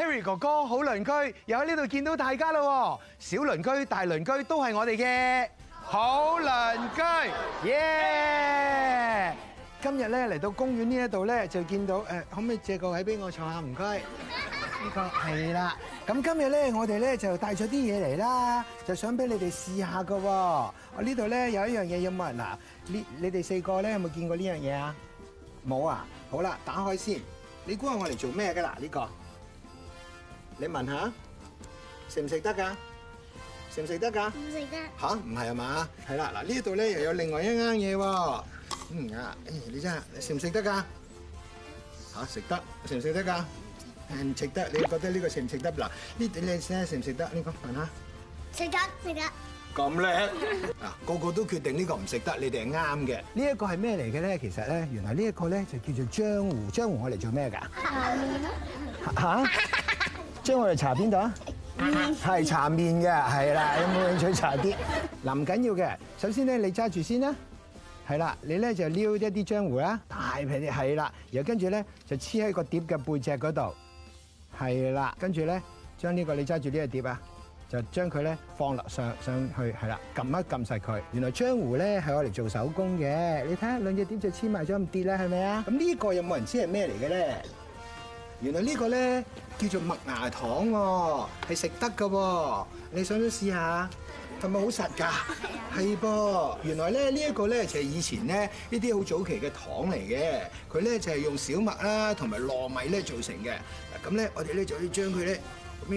Harry 哥哥好，鄰居又喺呢度見到大家啦。小鄰居、大鄰居都係我哋嘅好鄰居耶。今日咧嚟到公園呢一度咧，就見到誒，可唔可以借個位俾我坐下？唔該，呢個係啦。咁今日咧，我哋咧就帶咗啲嘢嚟啦，就想俾你哋試下噶。我呢度咧有一樣嘢，有冇人嗱？呢你哋四個咧有冇見過呢樣嘢啊？冇啊。好啦，打開先。你估下我嚟做咩噶啦？呢個。你問下，食唔食得噶？食唔食得噶？唔食得。嚇，唔係啊嘛？係啦，嗱呢度咧又有另外一樣嘢喎。嗯啊，你真係食唔食得噶？嚇，食得。食唔食得噶？唔食得。你覺得呢個食唔食得？嗱，呢啲咧食唔食得？呢個問下。食得食得。咁叻，嗱個個都決定呢個唔食得，你哋係啱嘅。呢一個係咩嚟嘅咧？其實咧，原來呢一個咧就叫做漿糊。漿糊我嚟做咩㗎？下面咯。嚇？將我哋搽邊度啊？係搽面嘅，係啦。有冇興趣搽啲？嗱，唔緊要嘅。首先咧，你揸住先啦。係啦，你咧就撩一啲漿糊啦，大皮啲係啦。然後跟住咧就黐喺個碟嘅背脊嗰度。係啦，跟住咧將呢個你揸住呢個碟啊，就將佢咧放落上上去，係啦，撳一撳曬佢。原來漿糊咧係我嚟做手工嘅。你睇下兩隻碟就黐埋咗，唔跌啦，係咪啊？咁呢個有冇人知係咩嚟嘅咧？原來呢個咧叫做麥芽糖喎，係食得㗎喎。你想唔想試下？係咪好實㗎？係噃。 原來咧呢一個咧就係以前咧呢啲好早期嘅糖嚟嘅。佢咧就係用小麥啦同埋糯米咧做成嘅。嗱咁咧，我哋咧就要將佢咧咁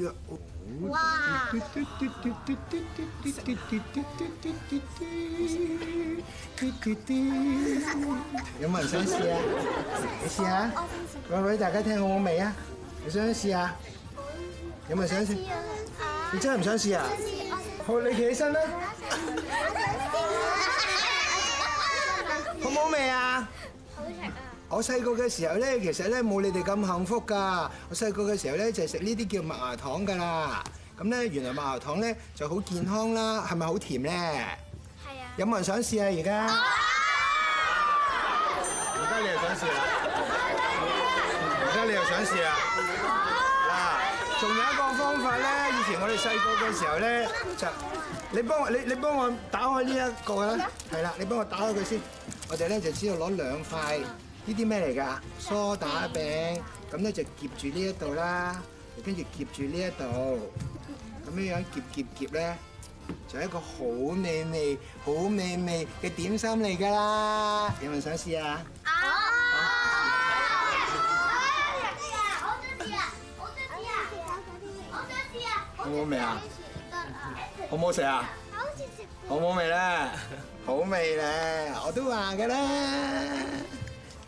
樣。哇！有冇人想試啊？你試下，喂喂，大家聽，好好味啊？你想唔想試啊？有冇人想試？你真係唔想試啊？好，你企起身啦！好唔好味啊？我細個嘅時候咧，其實咧冇你哋咁幸福㗎。我細個嘅時候咧就食呢啲叫麥芽糖㗎啦。咁咧原來麥芽糖咧就好健康啦，係咪好甜咧？係啊！有冇人想試啊？而家？啊！而家你又想試啦！而家你又想試啦！啊！嗱，仲有一個方法咧，以前我哋細個嘅時候咧就，你幫我你你幫我打開呢一個啦。係啦，你幫我打開佢先。我哋咧就知道攞兩塊。呢啲咩嚟噶？梳打餅咁咧就夾住呢一度啦，跟住夾住呢一度，咁樣樣夾夾夾咧，就係一個好美味、好美味嘅點心嚟噶啦！有冇人想試啊？啊！好得意啊！好想試啊！好想試啊！好想試啊！好唔好味啊？好唔好食啊？好唔好味咧？好味咧！我都話噶啦～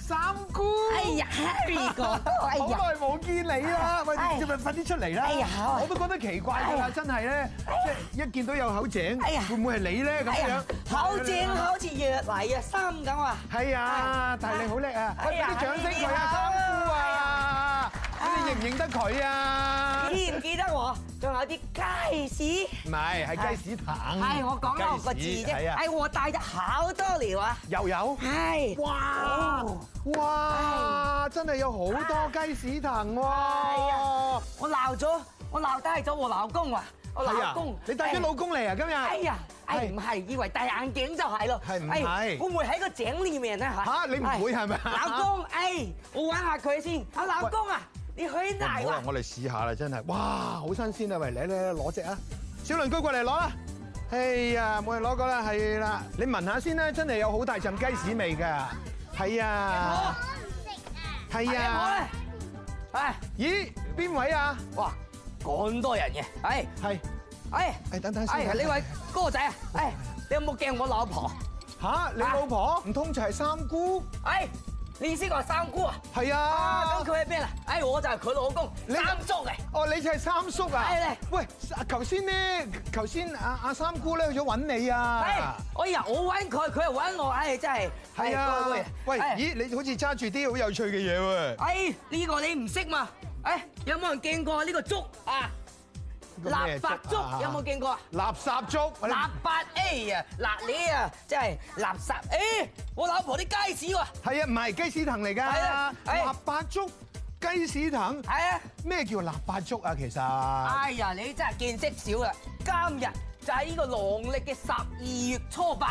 三姑，哎呀，Harry 哥，好耐冇見你啦，喂，你咪快啲出嚟啦，我都覺得奇怪喎，真係咧，即係一見到有口井，會唔會係你咧咁樣？口井好似越嚟越深咁啊！係啊，但係你好叻啊！喂，快啲掌聲佢啊，三姑啊，你認唔認得佢啊？唔記得喎，仲有啲雞屎，唔係係雞屎藤，係我講咗六個字啫，係我帶咗好多嚟啊，又有，係，哇哇，真係有好多雞屎藤喎，我鬧咗，我鬧低咗我老公啊，我老公，你帶咗老公嚟啊今日？哎呀，哎唔係，以為戴眼鏡就係咯，係唔係，會唔會喺個井裡面咧嚇，嚇你唔會係咪？老公，哎，我揾下佢先，我老公啊。唔好啦，我嚟試下啦，真係，哇，好新鮮啊！喂，嚟嚟嚟攞隻啊，小鄰居過嚟攞啦！哎呀，冇人攞過啦，係啦，你聞下先啦，真係有好大陣雞屎味㗎，係啊，雞婆唔食啊，雞婆咧，哎，咦，邊位啊？哇，咁多人嘅，哎，係，哎，哎，等等先，哎，呢位哥仔啊，哎，你有冇驚我老婆？嚇，你老婆？唔通就係三姑？哎。你意思話三姑啊？係啊，咁佢係咩啊？哎，我就係佢老公三叔嚟。哦，你就係三叔啊？係咧。喂，呢啊，頭先咧，頭先阿阿三姑咧去咗揾你啊？哎，哎呀，我揾佢，佢又揾我，哎，真係係啊，哎。喂，咦，你好似揸住啲好有趣嘅嘢喎？哎，呢個你唔識嘛？哎，有冇人見過呢個粥？啊？臘八粥有冇見過？臘八粥、臘八 A 啊、臘八啊，即係臘八。誒，我老婆啲雞屎喎。係啊，唔係雞屎藤嚟㗎。臘八粥、雞屎藤。係啊。咩叫臘八粥啊？其實。哎呀，你真係見識少啦！今日就喺呢個農曆嘅十二月初八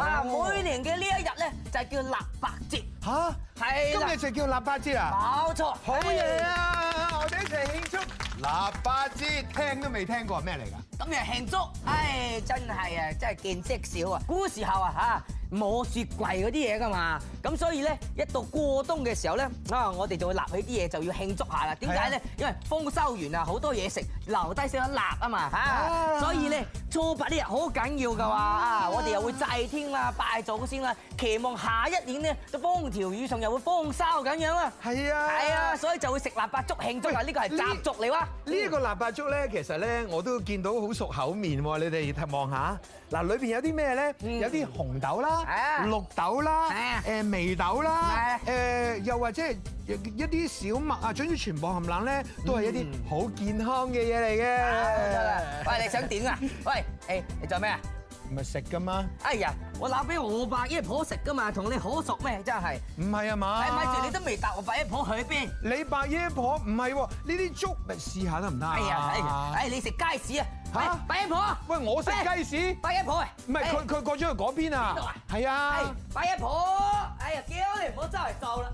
啊，每年嘅呢一日咧就叫臘八節。嚇，係今日就叫臘八節啊？冇錯。好嘢啊！我哋一齊慶祝。臘八節聽都未聽過係咩嚟㗎？咁又慶祝，唉，真係啊，真係見識少啊！古時候啊嚇，冇雪櫃嗰啲嘢噶嘛，咁所以咧，一到過冬嘅時候咧，啊，我哋就會立起啲嘢就要慶祝下啦。點解咧？因為豐收完啊，好多嘢食，留低少少臘啊嘛嚇，所以咧初八呢日好緊要噶哇啊！我哋又會祭天啦、拜祖先啦，期望下一年咧都風調雨順，又會豐收咁樣啊。係啊，係啊，所以就會食臘八粥慶祝啊！呢個係習俗嚟哇。呢個臘八粥咧，其實咧我都見到。好熟口面喎！你哋睇望下，嗱裏邊有啲咩咧？有啲紅豆啦、是啊、綠豆啦、誒眉是、啊、豆啦、誒是、啊、又或者一啲小麥，啊，總之全部含冷咧，都係一啲好健康嘅嘢嚟嘅。冇錯啦！喂，你想點啊？喂，誒你做咩啊？唔係食噶嘛？哎呀，我攞俾我伯爺婆食噶嘛，同你好熟咩？真係唔係啊嘛？哎，咪住，你都未答我伯爺婆去邊？你伯爺婆唔係喎，呢啲粥咪試下得唔得？哎呀，哎，你食街市啊？嚇！伯爺婆，喂，我食街市，伯爺婆，唔係佢，佢過咗去嗰邊啊？邊度啊？係啊，伯爺婆，哎呀，叫你唔好周圍掃啦。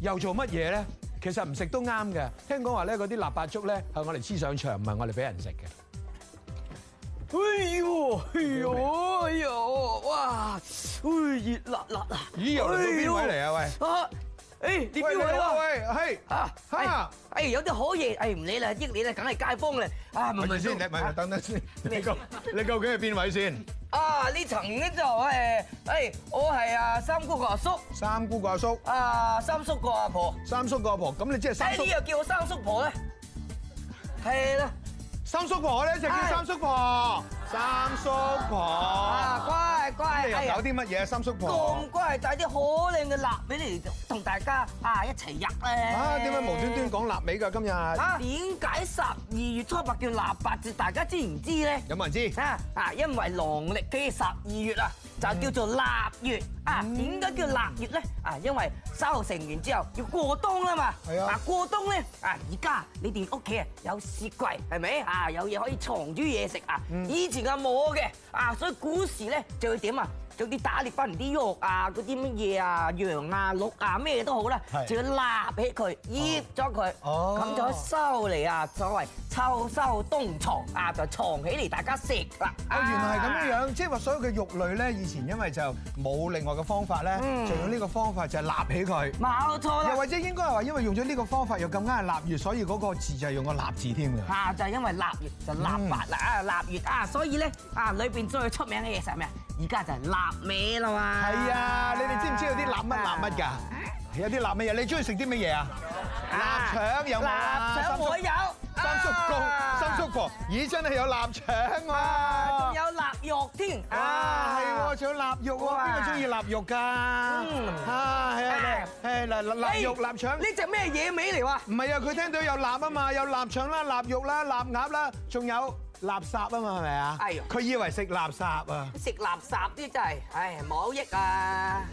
又做乜嘢咧？其實唔食都啱嘅。聽講話咧，嗰啲臘八粥咧係我哋黐上牆，唔係我哋俾人食嘅。哎呦，哎呦，哎呦，哇，哎熱辣辣啊！咦又係邊位嚟啊？喂，啊，誒，你邊位咯？喂，係，啊，係，誒，有啲好嘢，誒，唔理啦，益你啦，梗係街坊啦。啊，問問先，你問問等等先。你你究竟係邊位先？啊，呢層咧就係，誒，我係啊三姑個阿叔。三姑個阿叔。啊，三叔個阿婆。三叔個阿婆，咁你即係三叔。誒，你又叫我三叔婆咧？係啦。三叔婆，我哋一齊叫三叔婆。三叔婆，啊，乖乖，你又有啲乜嘢？三叔婆，咁乖，帶啲好靚嘅臘俾你同大家啊，一齊入誒。啊，點解無端端講臘味噶今日？啊，點解十二月初八叫臘八節？大家知唔知咧？有冇人知？啊啊，因為農曆嘅十二月啊，就叫做臘月、嗯、啊。點解叫臘月咧？啊，因為收成完之後要過冬啦嘛。係啊。啊，過冬咧啊，而家你哋屋企啊有雪櫃係咪啊？有嘢可以藏住嘢食啊。以前。而家冇嘅啊，所以股市咧就會點啊？將啲打獵翻嚟啲肉啊，嗰啲乜嘢啊，羊啊、鹿啊，咩都好啦，是就要臘起佢，醃咗佢，咁、oh. 就收嚟啊，所謂秋收冬藏啊，就藏起嚟，大家食啦。哦，原來係咁嘅樣，即係話所有嘅肉類咧，以前因為就冇另外嘅方法咧，嗯、就用咗呢個方法就係臘起佢，冇錯啦。又或者應該係話，因為用咗呢個方法又咁啱係臘月，所以嗰個字就係用個臘字添㗎。啊，就係、是、因為臘月就臘八啦，臘月、嗯、啊，啊，所以咧啊，裏邊最出名嘅嘢食係咩啊？而家就係臘味啦嘛，係啊！你哋知唔知道啲臘乜臘乜㗎？有啲臘味啊！你中意食啲乜嘢啊？臘腸有冇？臘腸我有，三叔公、三叔婆，咦！真係有臘腸啊！仲有臘肉添，啊，係仲有臘肉啊！邊個中意臘肉㗎？啊，係啊，你係嗱臘肉臘腸，呢隻咩嘢味嚟話？唔係啊！佢、啊、聽到有臘啊嘛，有臘腸啦、啊、臘肉啦、啊、臘鴨啦、啊，仲、啊、有。垃圾啊嘛，係咪啊？佢、哎、以為食垃圾啊！食垃圾啲真係，唉冇益啊！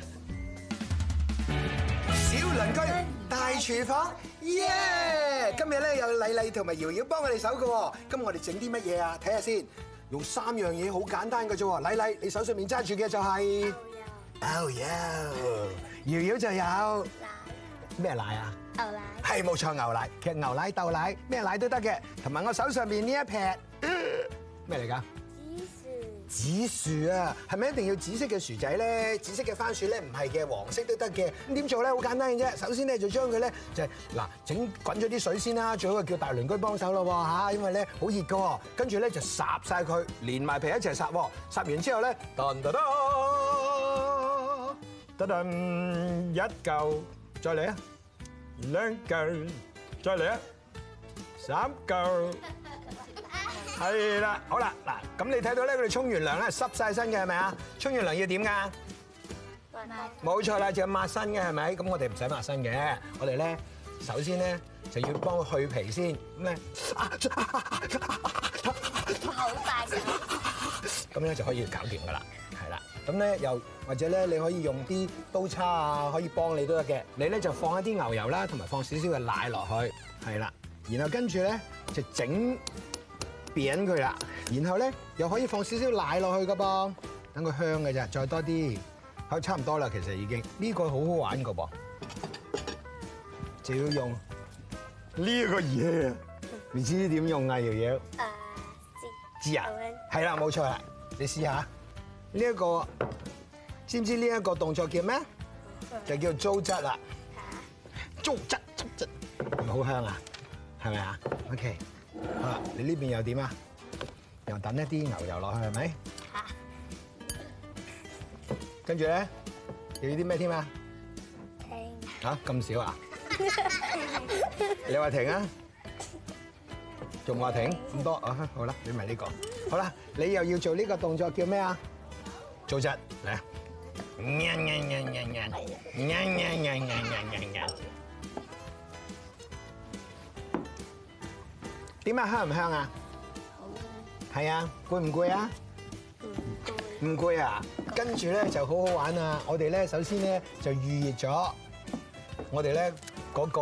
小鄰居大廚房，耶、yeah! yeah. yeah.！今日咧有麗麗同埋瑤瑤幫我哋手嘅，今日我哋整啲乜嘢啊？睇下先，用三樣嘢好簡單嘅啫喎。麗麗，你手上面揸住嘅就係豆油，豆油。瑤瑤就有奶，咩奶啊？牛奶係？牛奶。係冇錯，牛奶其實牛奶豆奶咩奶都得嘅，同埋我手上面呢一撇。咩嚟噶？紫薯，紫薯啊，係咪一定要紫色嘅薯仔咧？紫色嘅番薯咧唔係嘅，黃色都得嘅。咁點做咧？好簡單嘅啫。首先咧就將佢咧就係，嗱整滾咗啲水先啦。最好叫大鄰居幫手咯嚇，因為咧好熱嘅喎。跟住咧就剎曬佢，連埋皮一齊剎喎。剎完之後咧，噔噔噔，噔噔，一嚿，再嚟啊，兩嚿，再嚟啊，三嚿。係啦，好啦，嗱，咁你睇到咧，佢哋沖完涼咧濕曬身嘅係咪啊？沖完涼要點噶？冇錯啦，就抹身嘅係咪？咁我哋唔使抹身嘅，我哋咧首先咧就要幫佢去皮先。咁咧，好快，咁咧就可以搞掂噶啦，係啦，咁咧又或者咧你可以用啲刀叉啊，可以幫你都得嘅，你咧就放一啲牛油啦，同埋放少少嘅奶落去，係啦，然後跟住咧就整扁佢啦，然後咧又可以放少少奶落去噶噃，等佢香嘅啫，再多啲，佢差唔多啦，其實已經呢、呢個好好玩噶噃，就要用呢一個嘢，唔、嗯、知點用啊，瑤瑤、嗯、知啊，係啦，冇錯啦，你試下呢一、呢個，知唔知呢一個動作叫咩？就叫糟質啦，糟質糟質，好香啊，係咪啊？OK。啊！你呢邊又點啊？又等一啲牛油落去係咪？跟住咧，又要啲咩添啊？停！嚇咁少啊？你話停啊？仲話停？咁多啊？好啦，你咪呢個。好啦，你又要做呢個動作叫咩啊？做隻嚟啊！點的啊？香唔香啊？好啦累。係啊，攰唔攰啊？唔攰。唔攰啊？跟住咧就好好玩啊！我哋咧首先咧就預熱咗我哋咧嗰個誒、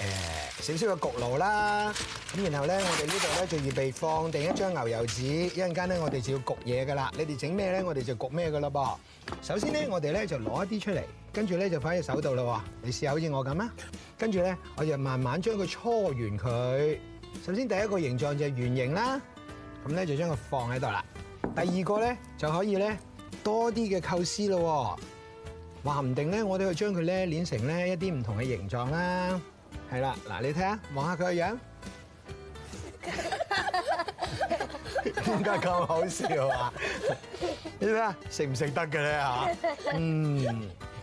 呃、小小嘅焗爐啦。咁然後咧我哋呢度咧就要預備放定一張牛油紙。一陣間咧我哋就要焗嘢噶啦。你哋整咩咧？我哋就焗咩噶啦噃。首先咧我哋咧就攞一啲出嚟，跟住咧就擺喺手度啦。你試下好似我咁啊？跟住咧我就慢慢將佢搓圓佢。首先第一個形狀就係圓形啦，咁咧就將佢放喺度啦。第二個咧就可以咧多啲嘅構思咯，話唔定咧我哋去將佢咧捏成咧一啲唔同嘅形狀啦。係啦，嗱你睇下，望下佢個樣，點解咁好笑啊？你睇食唔食得嘅咧嚇？嗯。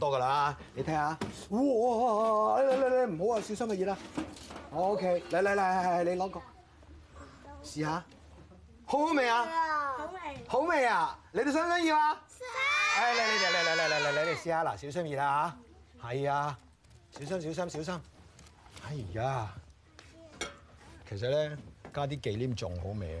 多噶啦，你睇下，哇！你你你唔好啊，小心嘅嘢啦。OK，嚟嚟嚟嚟嚟，你攞個試下，好好味啊？好味，好味啊！你哋想唔想要啊？想。嚟嚟嚟嚟嚟嚟嚟嚟，你試下啦，小心熱啦嚇。係啊，小心小心小心。係啊，其實咧加啲忌廉仲好味啊。